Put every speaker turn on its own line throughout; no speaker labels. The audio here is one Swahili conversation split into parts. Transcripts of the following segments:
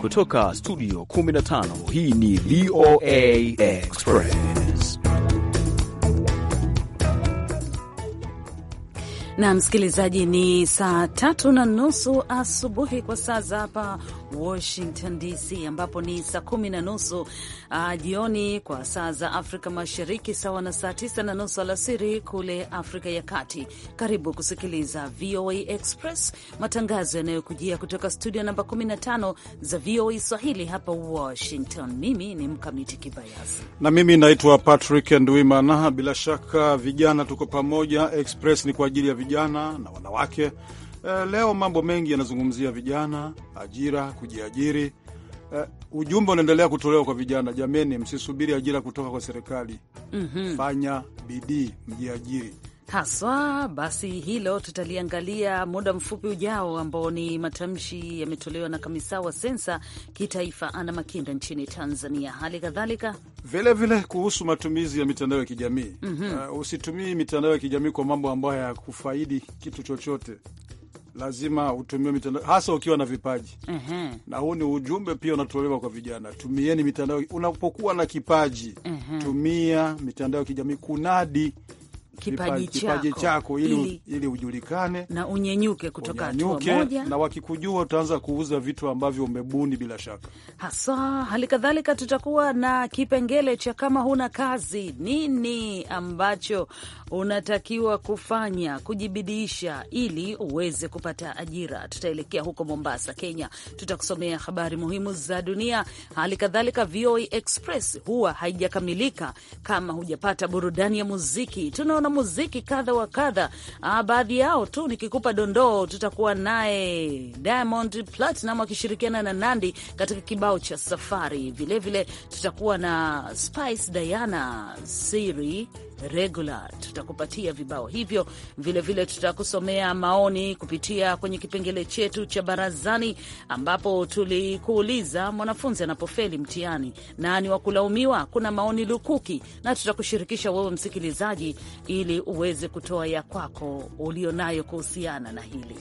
Kutoka studio 15 hii ni VOA Express.
Na msikilizaji, ni saa tatu na nusu asubuhi kwa saa za hapa Washington DC, ambapo ni saa kumi na nusu ah, jioni kwa saa za Afrika Mashariki, sawa na saa tisa na nusu alasiri kule Afrika ya Kati. Karibu kusikiliza VOA Express, matangazo yanayokujia kutoka studio namba 15 za VOA Swahili hapa Washington. Mimi ni Mkamiti Kibayasi
na mimi naitwa Patrick Ndwimana. Bila shaka vijana tuko pamoja. Express ni kwa ajili ya vijana na wanawake Eh, leo mambo mengi yanazungumzia vijana, ajira, kujiajiri. Uh, ujumbe unaendelea kutolewa kwa vijana, jameni, msisubiri ajira kutoka kwa serikali. mm -hmm. Fanya bidii, mjiajiri
haswa. Basi hilo tutaliangalia muda mfupi ujao, ambao ni matamshi yametolewa na kamisa wa sensa kitaifa Ana Makinda nchini Tanzania. Hali kadhalika
vilevile kuhusu matumizi ya mitandao ya kijamii mm -hmm. Uh, usitumii mitandao ya kijamii kwa mambo ambayo hayakufaidi kitu chochote lazima utumie mitandao hasa ukiwa na vipaji mm -hmm. Na huu ni ujumbe pia unatolewa kwa vijana, tumieni mitandao unapokuwa na kipaji mm -hmm. Tumia mitandao ya kijamii kunadi kipaji, kipaji chako ili, ili ujulikane na unyenyuke kutoka hatua moja, na wakikujua utaanza kuuza vitu ambavyo umebuni bila shaka
hasa. Hali kadhalika tutakuwa na kipengele cha kama huna kazi, nini ambacho unatakiwa kufanya kujibidiisha ili uweze kupata ajira. Tutaelekea huko Mombasa, Kenya, tutakusomea habari muhimu za dunia. Hali kadhalika VOA Express huwa haijakamilika kama hujapata burudani ya muziki. Tunaona wanamuziki kadha wa kadha. Ah, baadhi yao tu nikikupa dondoo, tutakuwa naye Diamond Platinum akishirikiana na Nandi katika kibao cha Safari. Vilevile vile, tutakuwa na Spice Diana siri regular. Tutakupatia vibao hivyo vilevile, tutakusomea maoni kupitia kwenye kipengele chetu cha barazani, ambapo tulikuuliza mwanafunzi anapofeli mtihani nani wa kulaumiwa. Kuna maoni lukuki, na tutakushirikisha wewe msikilizaji, ili uweze kutoa ya kwako ulionayo kuhusiana na hili.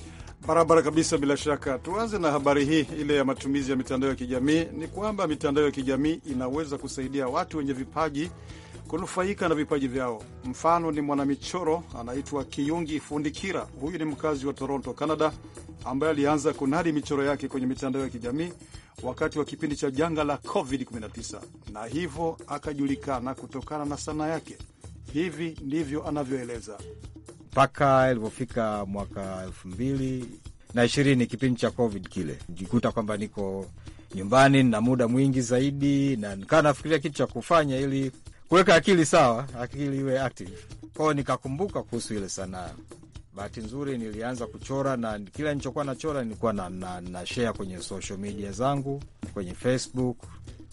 Barabara kabisa. Bila shaka, tuanze na habari hii ile ya matumizi ya mitandao ya kijamii. Ni kwamba mitandao ya kijamii inaweza kusaidia watu wenye vipaji kunufaika na vipaji vyao. Mfano ni mwanamichoro anaitwa Kiyungi Fundikira. Huyu ni mkazi wa Toronto, Canada, ambaye alianza kunadi michoro yake kwenye mitandao ya kijamii wakati wa kipindi cha janga la COVID-19 na hivyo akajulikana kutokana na sanaa yake. Hivi ndivyo anavyoeleza.
Mpaka ilivyofika mwaka elfu mbili na ishirini, kipindi cha COVID kile, jikuta kwamba niko nyumbani na muda mwingi zaidi, na nikawa nafikiria kitu cha kufanya ili kuweka akili sawa, akili iwe active. Kwao nikakumbuka kuhusu ile sanaa. Bahati nzuri nilianza kuchora na kila nilichokuwa nachora nilikuwa na, na, na share kwenye social media zangu kwenye Facebook,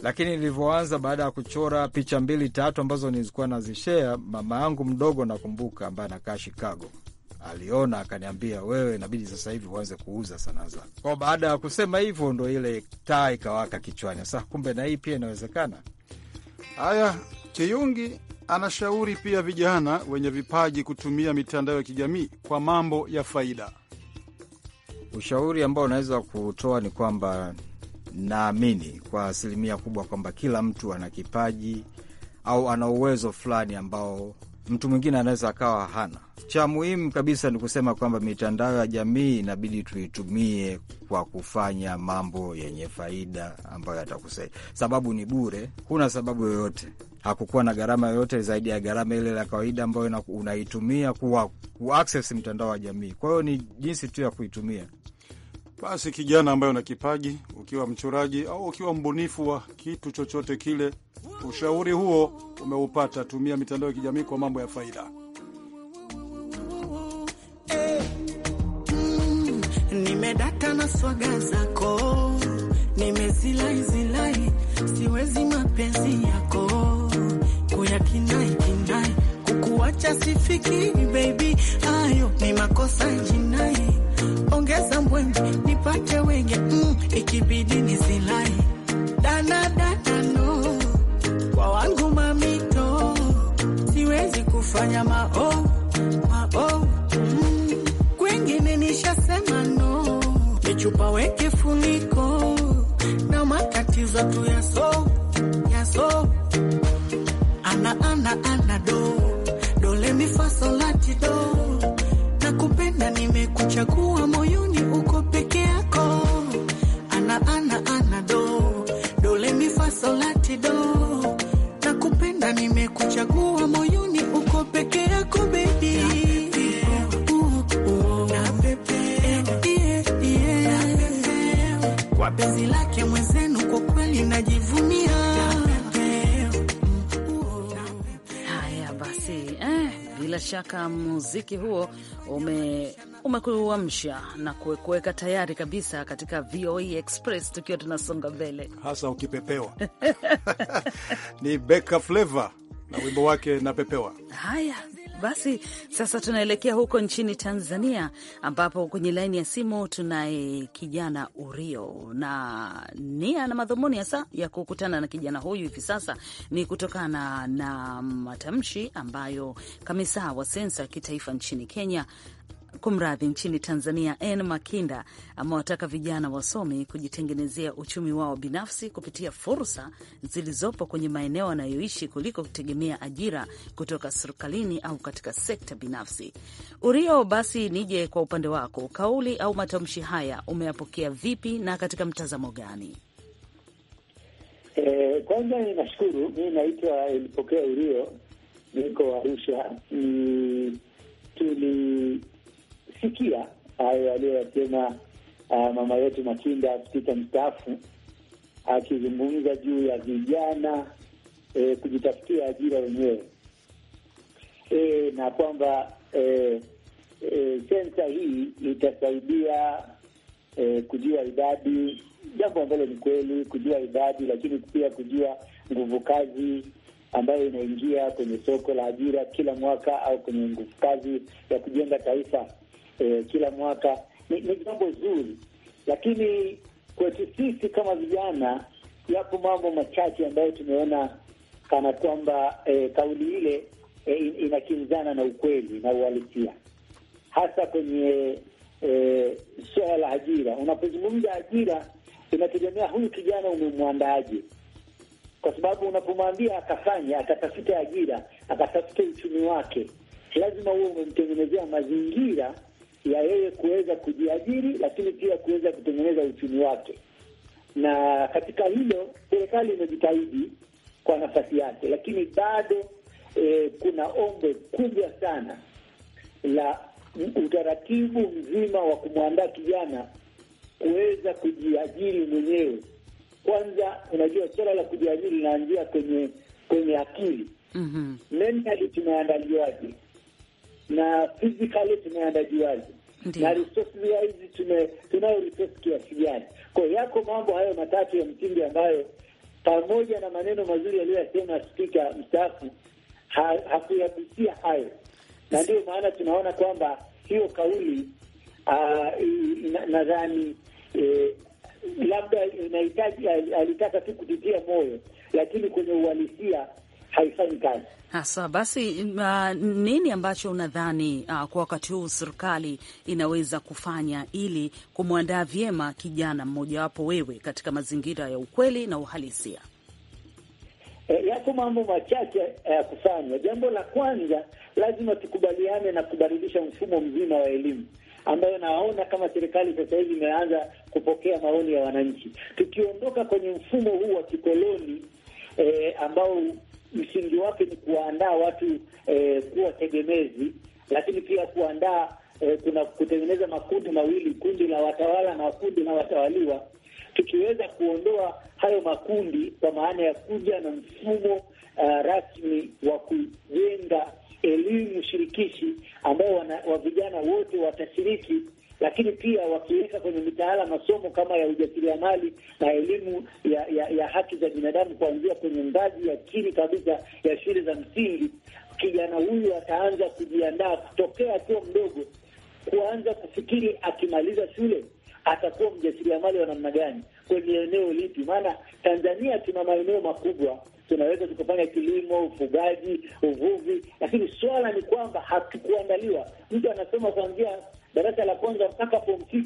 lakini nilivyoanza baada ya kuchora picha mbili tatu ambazo nilikuwa nazishare, mama yangu mdogo nakumbuka, ambaye anakaa Chicago aliona akaniambia, wewe inabidi sasa hivi uanze kuuza sanaa zako. Kwa baada ya kusema hivyo, ndo
ile taa ikawaka kichwani, sasa kumbe na hii pia inawezekana. Haya, Kiyungi anashauri pia vijana wenye vipaji kutumia mitandao ya kijamii kwa mambo ya faida.
Ushauri ambao unaweza kutoa ni kwamba naamini kwa asilimia kubwa kwamba kila mtu ana kipaji au ana uwezo fulani ambao mtu mwingine anaweza akawa hana. Cha muhimu kabisa ni kusema kwamba mitandao ya jamii inabidi tuitumie kwa kufanya mambo yenye faida ambayo yatakusaidia, sababu ni bure, huna sababu yoyote hakukuwa na gharama yoyote zaidi ya gharama ile la kawaida ambayo unaitumia kuwa kuaccess mtandao
wa jamii. Kwa hiyo ni jinsi tu ya kuitumia. Basi kijana ambaye una kipaji, ukiwa mchoraji au ukiwa mbunifu wa kitu chochote kile, ushauri huo umeupata. Tumia mitandao ya kijamii kwa mambo ya faida.
Nimedata na swaga zako, nimezilai zilai, siwezi mapenzi yako yako ya kinai kinai, kukuacha sifikiri baby, hayo ni makosa jinai. Ongeza mbwembe nipate wenge mm, ikibidi nisilai dana dana no kwa wangu mamito, siwezi kufanya mao mao mm, kwengine nishasema no, nichupa weke funiko na matatizo tu yaso yaso sana anado dole mifasolati do na nimekuchagua moyoni uko peke yako ana ana anado dole mifasolati do na kupenda nimekuchagua moyoni uko peke yako bebi
wapenzi
lake shaka muziki huo ume umekuamsha na kuweka tayari kabisa katika VOA e Express tukiwa tunasonga mbele,
hasa ukipepewa ni Beka Flava na wimbo wake Napepewa.
Haya basi, sasa tunaelekea huko nchini Tanzania, ambapo kwenye laini ya simu tunaye kijana Urio, na nia na madhumuni hasa ya kukutana na kijana huyu hivi sasa ni kutokana na matamshi ambayo kamisa wa sensa kitaifa nchini Kenya kumradhi, nchini Tanzania, N Makinda amewataka vijana wasomi kujitengenezea uchumi wao binafsi kupitia fursa zilizopo kwenye maeneo wanayoishi kuliko kutegemea ajira kutoka serikalini au katika sekta binafsi. Urio, basi nije kwa upande wako, kauli au matamshi haya umeyapokea vipi na katika mtazamo gani?
Eh, kwanza ninashukuru. Mi naitwa Ilipokea Urio, niko Arusha. Mm, tuli kusikia hayo aliyoyasema uh, mama yetu Makinda, spika mstaafu, akizungumza juu ya vijana eh, kujitafutia ajira wenyewe eh, na kwamba eh, eh, sensa hii itasaidia eh, kujua idadi, jambo ambalo ni kweli, kujua idadi, lakini pia kujua nguvu kazi ambayo inaingia kwenye soko la ajira kila mwaka au kwenye nguvu kazi ya kujenga taifa eh, kila mwaka ni jambo zuri, lakini kwetu sisi kama vijana, yapo mambo machache ambayo tumeona kana kwamba eh, kauli ile eh, inakinzana na ukweli na uhalisia, hasa kwenye eh, suala la ajira. Unapozungumza ajira, inategemea huyu kijana umemwandaaje, kwa sababu unapomwambia akafanya, akatafuta ajira, akatafuta uchumi wake, lazima huwe umemtengenezea mazingira ya yeye kuweza kujiajiri, lakini pia kuweza kutengeneza uchumi wake. Na katika hilo serikali imejitahidi kwa nafasi yake, lakini bado e, kuna ombe kubwa sana la utaratibu mzima wa kumwandaa kijana kuweza kujiajiri mwenyewe. Kwanza, unajua swala la kujiajiri linaanzia kwenye kwenye akili, mm -hmm. mentali tumeandaliwaje? na physically tumeandaliwaje na resources hizi tume- tunayo resources kiasi gani? Kwa yako mambo hayo matatu ya msingi ambayo pamoja na maneno mazuri aliyoyasema spika mstaafu ha, hayo, na ndio maana tunaona kwamba hiyo kauli ah, nadhani na eh, labda inahitaji alitaka tu kutitia moyo, lakini kwenye uhalisia haifanyi kazi
hasa. Basi uh, nini ambacho unadhani uh, kwa wakati huu serikali inaweza kufanya ili kumwandaa vyema kijana mmojawapo wewe katika mazingira ya ukweli na uhalisia?
E, eh, yako mambo machache eh, ya e, kufanywa. Jambo la kwanza, lazima tukubaliane na kubadilisha mfumo mzima wa elimu ambayo naona kama serikali sasa hivi imeanza kupokea maoni ya wananchi. Tukiondoka kwenye mfumo huu wa kikoloni e, ambao msingi wake ni kuwaandaa watu eh, kuwa tegemezi, lakini pia kuandaa eh, kuna kutengeneza makundi mawili, kundi la watawala na kundi la watawaliwa. Tukiweza kuondoa hayo makundi kwa maana ya kuja na mfumo uh, rasmi wa kujenga elimu shirikishi ambao wa vijana wote watashiriki lakini pia wakiweka kwenye mitaala masomo kama ya ujasiriamali na elimu ya, ya, ya haki za binadamu kuanzia kwenye ngazi ya chini kabisa ya shule za msingi, kijana huyu ataanza kujiandaa kutokea akiwa mdogo, kuanza kufikiri akimaliza shule atakuwa mjasiriamali wa namna gani kwenye eneo lipi? Maana Tanzania tuna maeneo makubwa, tunaweza tukafanya kilimo, ufugaji, uvuvi, lakini swala ni kwamba hatukuandaliwa. Mtu anasoma kuanzia darasa la kwanza mpaka form six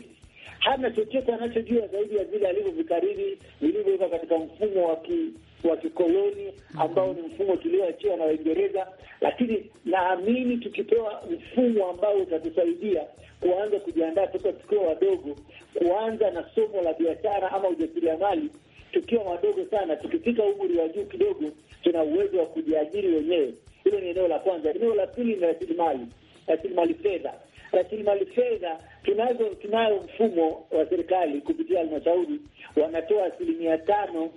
hana chochote anachojua zaidi ya vile alivyovikariri vilivyowekwa katika mfumo wa ki, wa kikoloni ambao ni mfumo tulioachiwa na Waingereza. Lakini naamini tukipewa mfumo ambao utatusaidia kuanza kujiandaa toka tukiwa wadogo, kuanza na somo la biashara ama ujasiriamali tukiwa wadogo sana, tukifika umri wa juu kidogo, tuna uwezo wa kujiajiri wenyewe. Hilo ni eneo la kwanza. Eneo la pili ni rasilimali, rasilimali fedha rasilimali fedha tunazo, tunayo mfumo wa serikali kupitia halmashauri wanatoa asilimia tano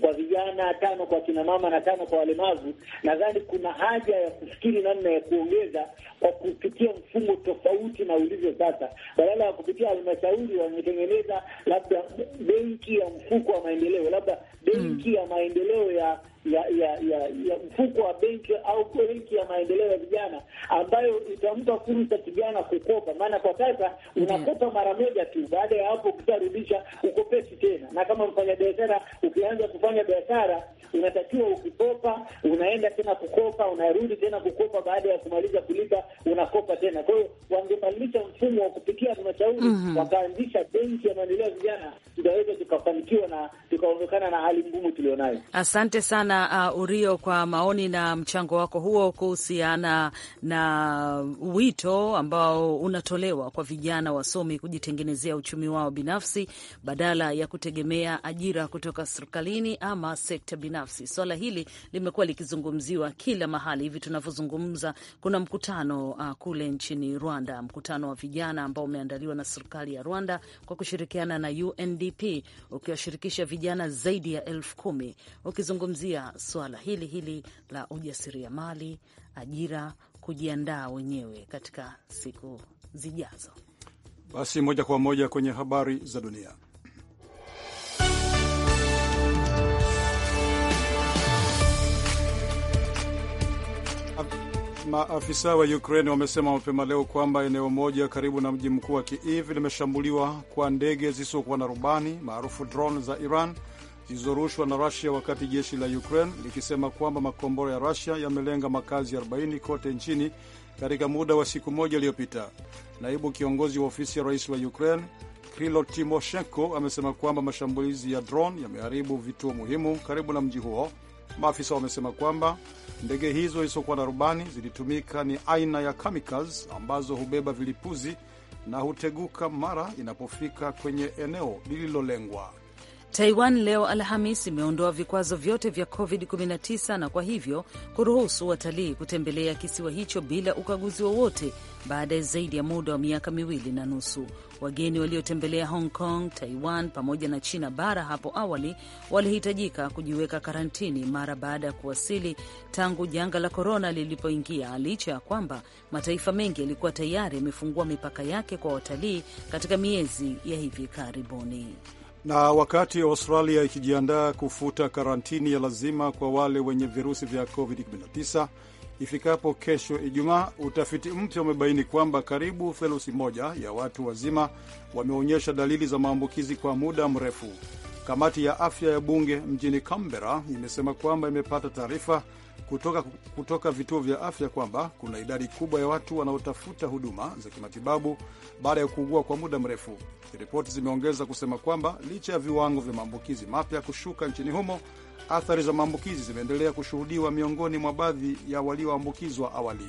kwa vijana, tano kwa kina mama na tano kwa walemavu. Nadhani kuna haja ya kufikiri namna ya kuongeza kwa kupitia mfumo tofauti na ulivyo sasa. Badala ya kupitia halmashauri, wametengeneza labda benki ya mfuko wa maendeleo, labda benki mm. ya maendeleo ya ya ya ya, ya mfuko wa benki au benki ya maendeleo ya vijana ambayo itampa fursa kijana kukopa. Maana kwa sasa unakopa mara moja tu, baada ya hapo ukisharudisha ukopesi tena. Na kama mfanya biashara, ukianza kufanya biashara, unatakiwa ukikopa, unaenda tena kukopa, unarudi tena kukopa, baada ya kumaliza kulipa unakopa tena. Kwa hiyo wangebadilisha mfumo wa kupitia halmashauri, mm -hmm. wakaanzisha benki ya maendeleo ya vijana, tutaweza tukafanikiwa na tukaondokana na hali ngumu tulionayo.
Asante sana sana uh, Urio, kwa maoni na mchango wako huo kuhusiana na wito ambao unatolewa kwa vijana wasomi kujitengenezea uchumi wao binafsi badala ya kutegemea ajira kutoka serikalini ama sekta binafsi. Swala hili limekuwa likizungumziwa kila mahali. Hivi tunavyozungumza, kuna mkutano uh, kule nchini Rwanda, mkutano wa vijana ambao umeandaliwa na serikali ya Rwanda kwa kushirikiana na UNDP ukiwashirikisha vijana zaidi ya elfu kumi ukizungumzia ya suala hili hili la ujasiriamali, ajira, kujiandaa wenyewe katika siku zijazo.
Basi moja kwa moja kwenye habari za dunia. Maafisa wa Ukraine wamesema mapema leo kwamba eneo moja karibu na mji mkuu wa Kiev limeshambuliwa kwa ndege zisizokuwa na rubani maarufu drone za Iran zilizorushwa na Rusia wakati jeshi la Ukraine likisema kwamba makombora ya Rusia yamelenga makazi 40 kote nchini katika muda wa siku moja iliyopita. Naibu kiongozi wa ofisi ya rais wa Ukraine Krilo Timoshenko amesema kwamba mashambulizi ya drone yameharibu vituo muhimu karibu na mji huo. Maafisa wamesema kwamba ndege hizo zisizokuwa na rubani zilitumika ni aina ya kamikaz ambazo hubeba vilipuzi na huteguka mara inapofika kwenye eneo lililolengwa.
Taiwan leo Alhamis imeondoa vikwazo vyote vya COVID-19 na kwa hivyo kuruhusu watalii kutembelea kisiwa hicho bila ukaguzi wowote baada ya zaidi ya muda wa miaka miwili na nusu. Wageni waliotembelea Hong Kong, Taiwan pamoja na China bara hapo awali walihitajika kujiweka karantini mara baada ya kuwasili tangu janga la korona lilipoingia, licha ya kwamba mataifa mengi yalikuwa tayari yamefungua mipaka yake kwa watalii katika miezi ya hivi karibuni.
Na wakati Australia ikijiandaa kufuta karantini ya lazima kwa wale wenye virusi vya COVID-19 ifikapo kesho Ijumaa, utafiti mpya umebaini kwamba karibu theluthi moja ya watu wazima wameonyesha dalili za maambukizi kwa muda mrefu. Kamati ya afya ya bunge mjini Canberra imesema kwamba imepata taarifa kutoka, kutoka vituo vya afya kwamba kuna idadi kubwa ya watu wanaotafuta huduma za kimatibabu baada ya kuugua kwa muda mrefu. Ripoti zimeongeza kusema kwamba licha ya viwango vya maambukizi mapya kushuka nchini humo, athari za maambukizi zimeendelea kushuhudiwa miongoni mwa baadhi ya walioambukizwa awali.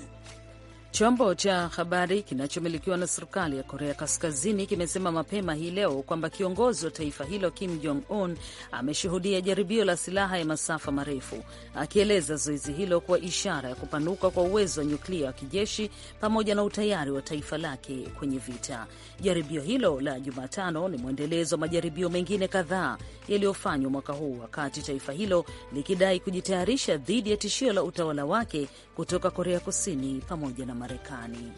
Chombo cha habari kinachomilikiwa na serikali ya Korea Kaskazini kimesema mapema hii leo kwamba kiongozi wa taifa hilo Kim Jong Un ameshuhudia jaribio la silaha ya masafa marefu, akieleza zoezi hilo kuwa ishara ya kupanuka kwa uwezo wa nyuklia wa kijeshi pamoja na utayari wa taifa lake kwenye vita. Jaribio hilo la Jumatano ni mwendelezo wa majaribio mengine kadhaa yaliyofanywa mwaka huu, wakati taifa hilo likidai kujitayarisha dhidi ya tishio la utawala wake kutoka Korea Kusini pamoja na Marekani.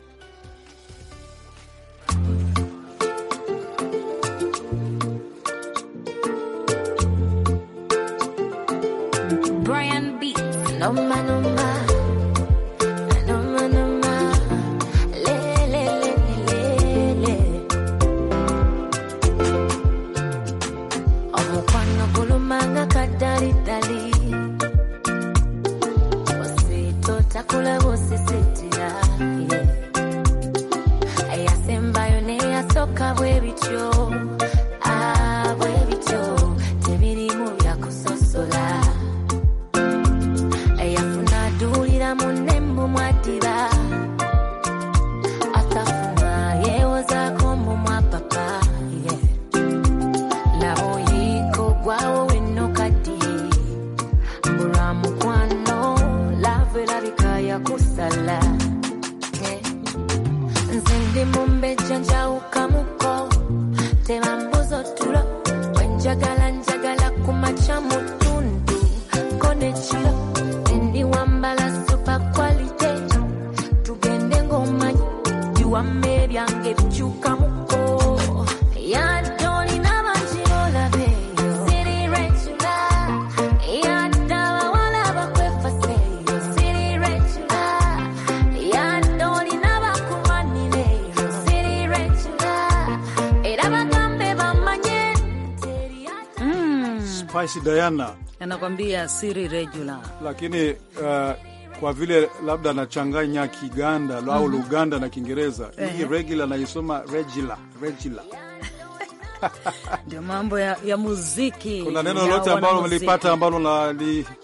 Brian Beats, noma noma. bwebityo
Faisi Diana
anakwambia siri regular,
lakini uh, kwa vile labda anachanganya Kiganda mm -hmm. au mhm. Luganda na Kiingereza -huh. hii eh. regular naisoma regila regila
ndio mambo ya, ya muziki. Kuna neno lolote ambalo umelipata
ambalo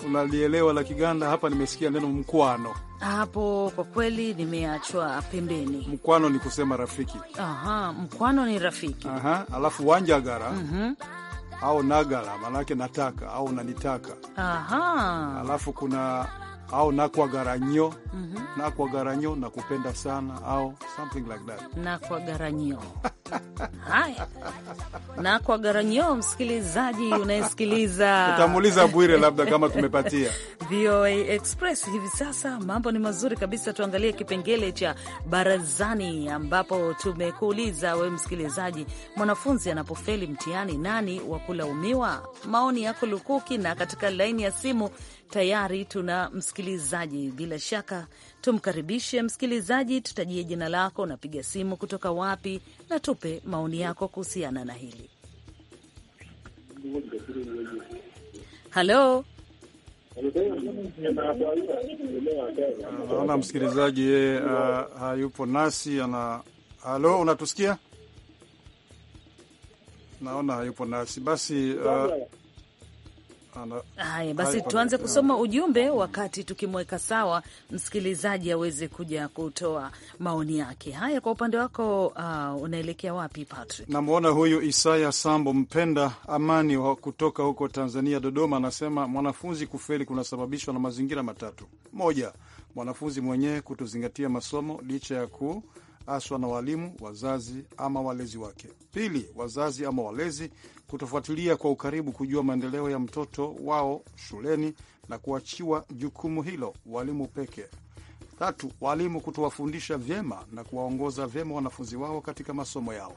unalielewa la Kiganda? Hapa nimesikia neno mkwano,
hapo kwa kweli nimeachwa pembeni.
Mkwano ni kusema rafiki. Aha, mkwano ni rafiki. Aha, alafu wanjagara mm -hmm au nagala, maanake nataka au nanitaka.
Aha. Alafu
kuna au nakwagaranyo mm -hmm. nakwagaranyo na kupenda sana au something like that,
nakwagaranyo haya nakwagaranyo. Msikilizaji unayesikiliza, utamuuliza Bwire labda kama tumepatia VOA Express hivi sasa. Mambo ni mazuri kabisa. Tuangalie kipengele cha barazani, ambapo tumekuuliza we msikilizaji, mwanafunzi anapofeli mtihani, nani wa kulaumiwa? Maoni yako lukuki, na katika laini ya simu tayari tuna msikilizaji, bila shaka tumkaribishe msikilizaji. Tutajie jina lako, unapiga simu kutoka wapi, na tupe maoni yako kuhusiana na hili.
Halo. Ah, naona msikilizaji yeye ah, hayupo nasi ana. Halo, unatusikia? Naona hayupo nasi basi uh, Haya basi, tuanze kusoma
ujumbe wakati tukimweka sawa msikilizaji aweze kuja kutoa maoni yake. Haya, kwa upande wako uh, unaelekea wapi Patrick?
Namwona huyu Isaya Sambo mpenda amani wa kutoka huko Tanzania, Dodoma, anasema mwanafunzi kufeli kunasababishwa na mazingira matatu: moja, mwanafunzi mwenyewe kutozingatia masomo licha ya ku aswa na walimu, wazazi ama walezi wake; pili, wazazi ama walezi kutofuatilia kwa ukaribu kujua maendeleo ya mtoto wao shuleni na kuachiwa jukumu hilo walimu pekee. Tatu, walimu kutowafundisha vyema na kuwaongoza vyema wanafunzi wao katika masomo yao.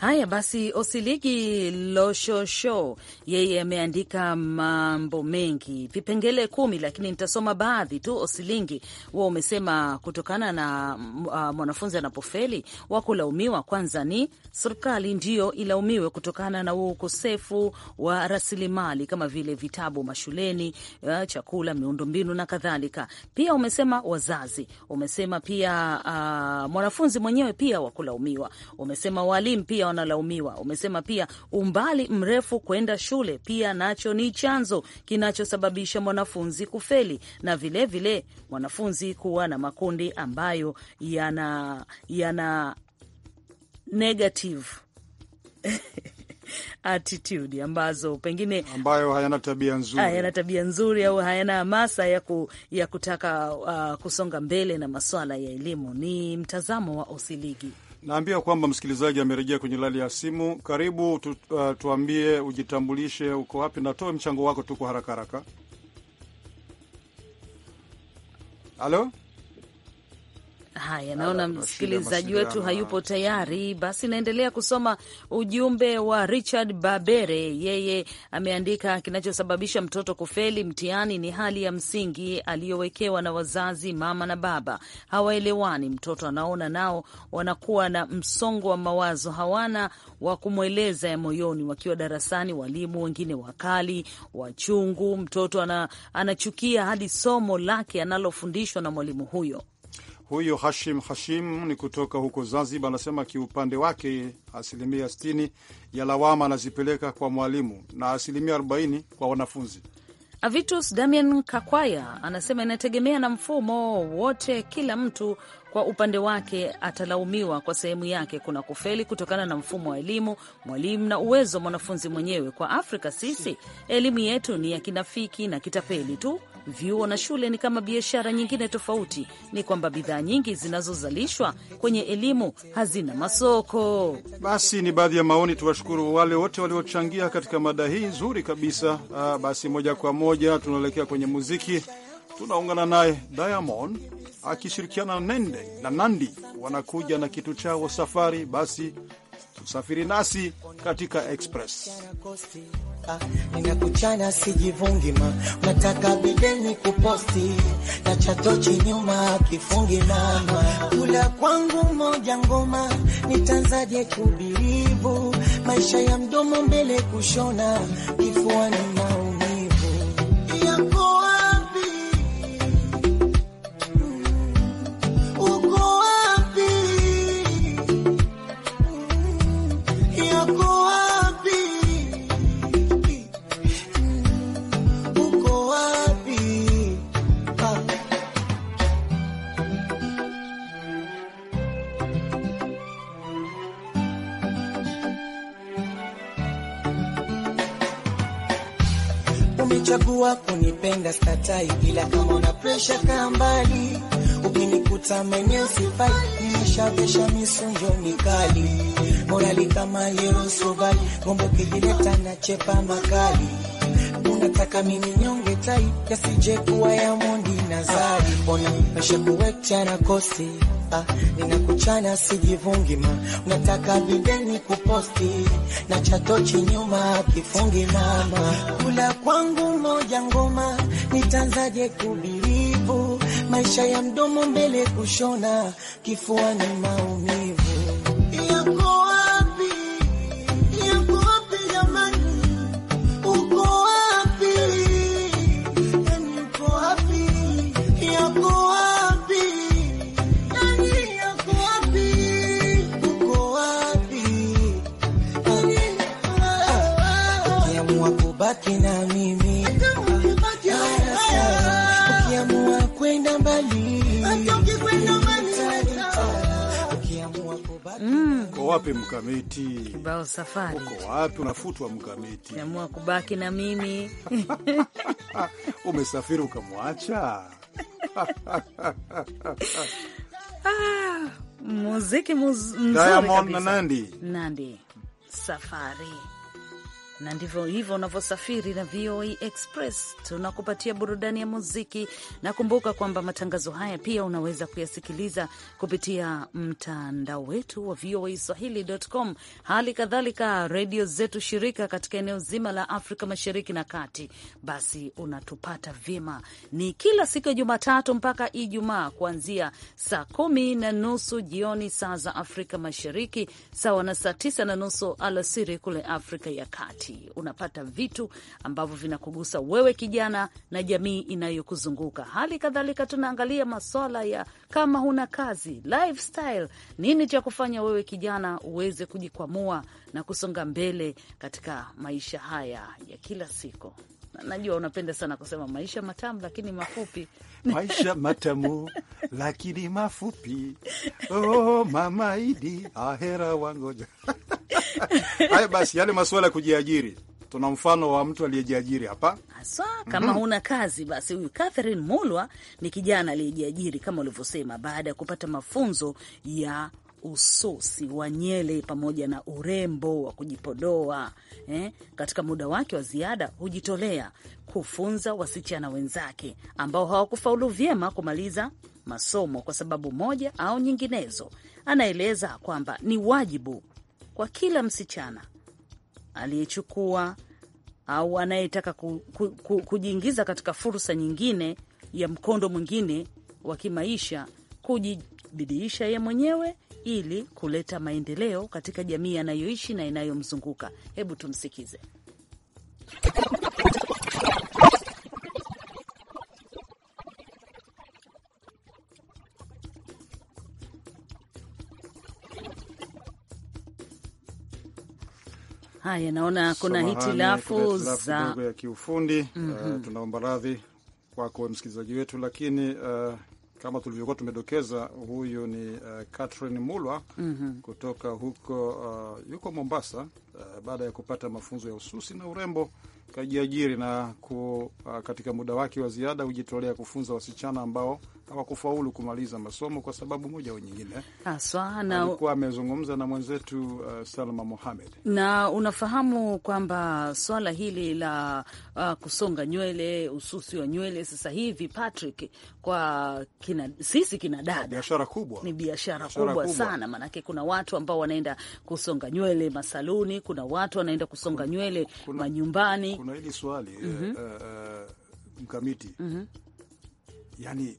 Haya basi, Osiligi Loshosho
yeye ameandika mambo mengi, vipengele kumi, lakini nitasoma baadhi tu. Osilingi huwa umesema kutokana na uh, mwanafunzi anapofeli wa kulaumiwa kwanza ni serikali, ndiyo ilaumiwe kutokana na huo ukosefu wa rasilimali kama vile vitabu mashuleni, uh, chakula, miundombinu na kadhalika. Pia umesema wazazi, umesema pia uh, mwanafunzi mwenyewe pia wa kulaumiwa, umesema walimu pia wanalaumiwa. Umesema pia umbali mrefu kwenda shule pia nacho ni chanzo kinachosababisha mwanafunzi kufeli na vilevile vile, mwanafunzi kuwa na makundi ambayo yana, yana negative attitude ambazo pengine
ambayo hayana tabia nzuri, ah, hayana
tabia nzuri au hayana hamasa ya, ku, ya kutaka uh, kusonga mbele na masuala ya elimu. Ni mtazamo wa Osiligi.
Naambia kwamba msikilizaji amerejea kwenye lali ya simu. Karibu tu, uh, tuambie ujitambulishe, uko wapi na toe mchango wako tu kwa haraka haraka. Halo
Haya, naona msikilizaji wetu hayupo tayari. Basi naendelea kusoma ujumbe wa Richard Babere, yeye ameandika, kinachosababisha mtoto kufeli mtihani ni hali ya msingi aliyowekewa na wazazi, mama na baba. Hawaelewani, mtoto anaona nao wanakuwa na msongo wa mawazo, hawana wa kumweleza ya moyoni. Wakiwa darasani, walimu wengine wakali, wachungu, mtoto ana, anachukia hadi somo lake analofundishwa na mwalimu huyo.
Huyu Hashim Hashim ni kutoka huko Zanzibar, anasema kiupande wake asilimia 60 ya lawama anazipeleka kwa mwalimu na asilimia 40 kwa wanafunzi.
Avitus Damian Kakwaya anasema inategemea na mfumo wote, kila mtu kwa upande wake atalaumiwa kwa sehemu yake. Kuna kufeli kutokana na mfumo wa elimu, mwalimu na uwezo wa mwanafunzi mwenyewe. Kwa Afrika sisi elimu yetu ni ya kinafiki na kitapeli tu. Vyuo na shule ni kama biashara nyingine tofauti, ni kwamba bidhaa nyingi zinazozalishwa kwenye elimu hazina
masoko. Basi ni baadhi ya maoni. Tuwashukuru wale wote waliochangia katika mada hii nzuri kabisa. Aa, ah, basi moja kwa moja tunaelekea kwenye muziki. Tunaungana naye Diamond akishirikiana na Nende na Nandi, wanakuja na kitu chao Safari. Basi tusafiri nasi katika Express hapa ninakuchana,
sijivungima
nataka bideni kuposti
na chato chinyuma kifungi mama kula kwangu moja ngoma nitanzaje kudirivu maisha ya mdomo mbele kushona kifuani maumivu yako Umechagua kunipenda statai, ila kama una presha kambali ukinikuta mwenye sifai, nimeshavesha misunjo mikali, morali kama yero sobali, ngombe ukijileta na chepa makali Unataka mimi nyonge tai, yasije kuwa ya mondi nazari, ona meshakuwekcha kosi ninakuchana ninakuchana ma unataka bideni kuposti na chatochi nyuma kifungi mama, kula kwangu moja ngoma, nitanzaje kubilivu maisha ya mdomo mbele kushona, kifua ni maumi ubaki na mimi ukiamua kwenda mbali
mm.
Uko wapi mkamiti? Kibao safari. Uko wapi unafutwa mkamiti? Niamua
kubaki na mimi.
Umesafiri ukamwacha.
Ah, muziki muz, mzuri kabisa. Nandi. Nandi. Safari na ndivyo hivyo unavyosafiri na VOA Express, tunakupatia burudani ya muziki, na kumbuka kwamba matangazo haya pia unaweza kuyasikiliza kupitia mtandao wetu wa VOA Swahili.com, hali kadhalika redio zetu shirika katika eneo zima la Afrika Mashariki na Kati. Basi unatupata vyema, ni kila siku ya Jumatatu mpaka Ijumaa kuanzia saa kumi na nusu jioni saa za Afrika Mashariki, sawa na saa tisa na nusu alasiri kule Afrika ya Kati. Mkamiti, unapata vitu ambavyo vinakugusa wewe kijana na jamii inayokuzunguka. Hali kadhalika tunaangalia maswala ya kama huna kazi, lifestyle, nini cha kufanya wewe kijana uweze kujikwamua na kusonga mbele katika maisha haya ya kila siku najua unapenda sana kusema maisha matamu lakini mafupi.
maisha matamu lakini mafupi. Oh, mama Idi, ahera wangoja. Haya basi, yale masuala ya kujiajiri tuna mfano wa mtu aliyejiajiri hapa haswa.
Kama mm -hmm. kazi basi, huyu Catherine Mulwa ni kijana aliyejiajiri kama ulivyosema, baada ya kupata mafunzo ya ususi wa nyele pamoja na urembo wa kujipodoa eh. Katika muda wake wa ziada hujitolea kufunza wasichana wenzake ambao hawakufaulu vyema kumaliza masomo kwa sababu moja au nyinginezo. Anaeleza kwamba ni wajibu kwa kila msichana aliyechukua au anayetaka ku, ku, ku, kujiingiza katika fursa nyingine ya mkondo mwingine wa kimaisha kujibidiisha ye mwenyewe ili kuleta maendeleo katika jamii anayoishi na inayomzunguka. Hebu tumsikize. Haya, naona kuna hitilafu za
kiufundi. mm -hmm. Uh, tunaomba radhi kwako msikilizaji wetu, lakini uh, kama tulivyokuwa tumedokeza, huyu ni uh, Catherine Mulwa mm -hmm. kutoka huko uh, yuko Mombasa uh, baada ya kupata mafunzo ya ususi na urembo kajiajiri na ku, uh, katika muda wake wa ziada hujitolea kufunza wasichana ambao hawakufaulu kumaliza masomo kwa sababu moja au nyingine. Haswa na alikuwa amezungumza na mwenzetu uh, Salma Mohamed.
Na unafahamu kwamba swala hili la uh, kusonga nywele, ususi wa nywele sasa hivi Patrick, kwa kina, sisi kina dada biashara kubwa, ni biashara kubwa, kubwa sana, maanake kuna watu ambao wanaenda kusonga nywele masaluni kuna watu wanaenda kusonga nywele manyumbani.
Kuna hili swali mm -hmm. uh, uh, mkamiti mm -hmm. yani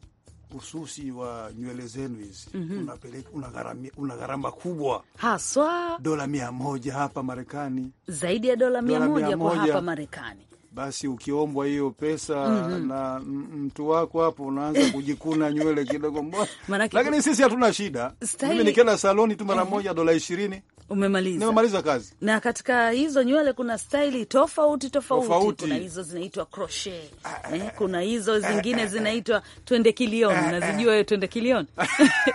ususi wa nywele zenu hizi mm -hmm. una gharama kubwa
haswa,
dola mia moja hapa Marekani,
zaidi ya dola mia moja kwa hapa Marekani.
Basi ukiombwa hiyo pesa mm -hmm. na mtu wako hapo, unaanza kujikuna nywele kidogo, mbona? Lakini sisi hatuna shida. Mimi nikienda saloni tu mara moja dola ishirini Umemaliza? Nimemaliza kazi.
Na katika hizo nywele kuna staili tofauti tofauti tofauti. Kuna hizo zinaitwa crochet. Ah, ah, eh, ah. kuna hizo zingine zinaitwa twende kilioni. nazijua hiyo twende kilioni?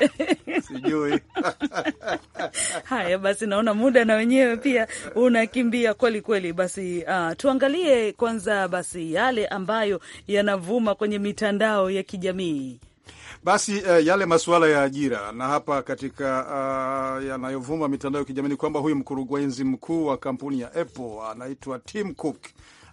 Sijui.
Haya basi, naona muda na wenyewe pia unakimbia kweli kweli. Basi uh, tuangalie kwanza basi yale ambayo yanavuma kwenye mitandao ya kijamii.
Basi eh, yale masuala ya ajira na hapa katika uh, yanayovuma mitandao ya kijamii ni kwamba huyu mkurugenzi mkuu wa kampuni ya Apple anaitwa Tim Cook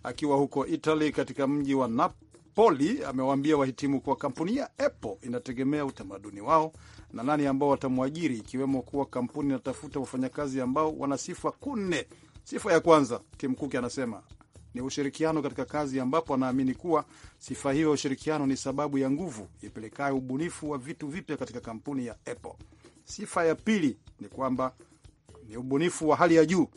akiwa huko Italy katika mji wa Napoli amewaambia wahitimu kuwa kampuni ya Apple inategemea utamaduni wao na nani ambao watamwajiri, ikiwemo kuwa kampuni inatafuta wafanyakazi ambao wana sifa kunne Sifa ya kwanza, Tim Cook anasema ni ushirikiano katika kazi, ambapo anaamini kuwa sifa hiyo ya ushirikiano ni sababu ya nguvu ipelekayo ubunifu wa vitu vipya katika kampuni ya Apple. Sifa ya pili ni kwamba ni ubunifu wa hali ya juu.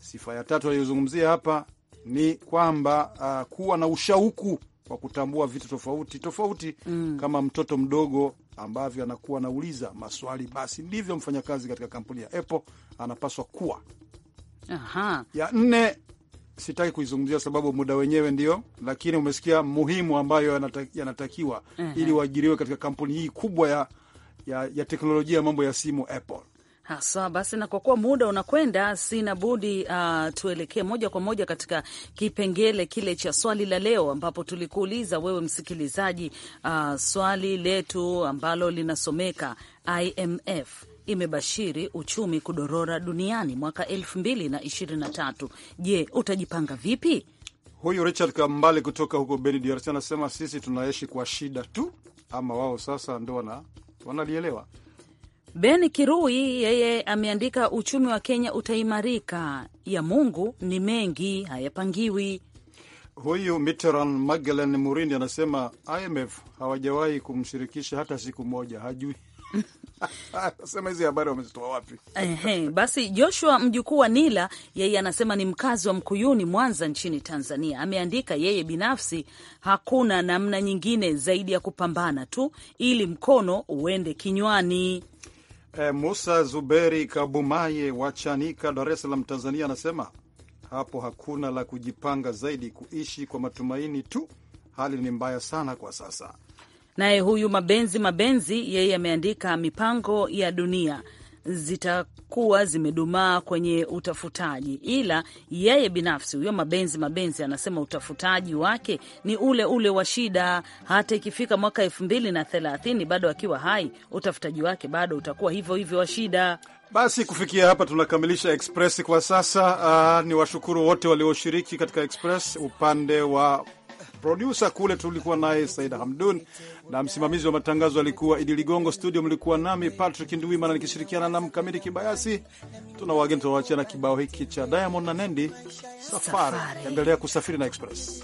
Sifa ya tatu aliyozungumzia hapa ni kwamba uh, kuwa na ushauku wa kutambua vitu tofauti tofauti mm. Kama mtoto mdogo ambavyo anakuwa anauliza maswali, basi ndivyo mfanyakazi katika kampuni ya Apple anapaswa kuwa. Aha. Ya nne sitaki kuizungumzia sababu muda wenyewe ndio, lakini umesikia muhimu ambayo yanatakiwa uh -huh. ili waajiriwe katika kampuni hii kubwa ya, ya, ya teknolojia ya mambo ya simu Apple haswa basi,
na kwa kuwa muda unakwenda, sina budi uh, tuelekee moja kwa moja katika kipengele kile cha swali la leo, ambapo tulikuuliza wewe msikilizaji uh, swali letu ambalo linasomeka IMF imebashiri uchumi kudorora duniani mwaka 2023. Je, utajipanga vipi?
Huyu Richard Kambale kutoka huko Beni, DRC, anasema sisi tunaishi kwa shida tu, ama wao sasa ndo wana wanalielewa.
Ben Kirui yeye ameandika uchumi wa Kenya utaimarika, ya Mungu ni mengi hayapangiwi.
Huyu mitran Magdalen Murindi anasema IMF hawajawahi kumshirikisha hata siku moja, hajui Anasema hizi habari wamezitoa wapi? Ehe,
basi Joshua mjukuu wa Nila yeye anasema ni mkazi wa Mkuyuni, Mwanza nchini Tanzania. Ameandika yeye binafsi hakuna namna nyingine zaidi ya kupambana tu
ili mkono uende kinywani. E, Musa Zuberi Kabumaye wa Chanika, Dar es Salaam, Tanzania anasema hapo hakuna la kujipanga zaidi kuishi kwa matumaini tu. Hali ni mbaya sana kwa sasa. Naye huyu
Mabenzi Mabenzi yeye ameandika mipango ya dunia zitakuwa zimedumaa kwenye utafutaji, ila yeye binafsi huyo Mabenzi Mabenzi anasema utafutaji wake ni ule ule wa shida. Hata ikifika mwaka elfu mbili na thelathini bado akiwa hai, utafutaji wake bado utakuwa hivyo hivyo wa shida.
Basi kufikia hapa tunakamilisha Express kwa sasa. Uh, ni washukuru wote walioshiriki katika Express upande wa Produsa kule tulikuwa naye Saida Hamdun, na msimamizi wa matangazo alikuwa Idi Ligongo. Studio mlikuwa nami Patrick Ndwimana nikishirikiana na Mkamiti Kibayasi. Tuna wageni, tunawachia na kibao hiki cha Diamond na Nendi Safari. Endelea kusafiri na Express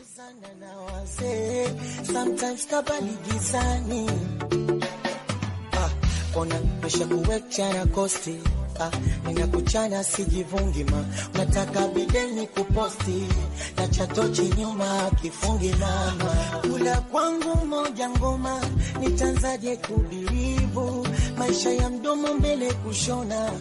sasa ninakuchana, sijivungima nataka bideni kuposti na chatochi nyuma kifungi mama kula kwangu moja ngoma nitanzaje kubilivu maisha ya mdomo mbele kushona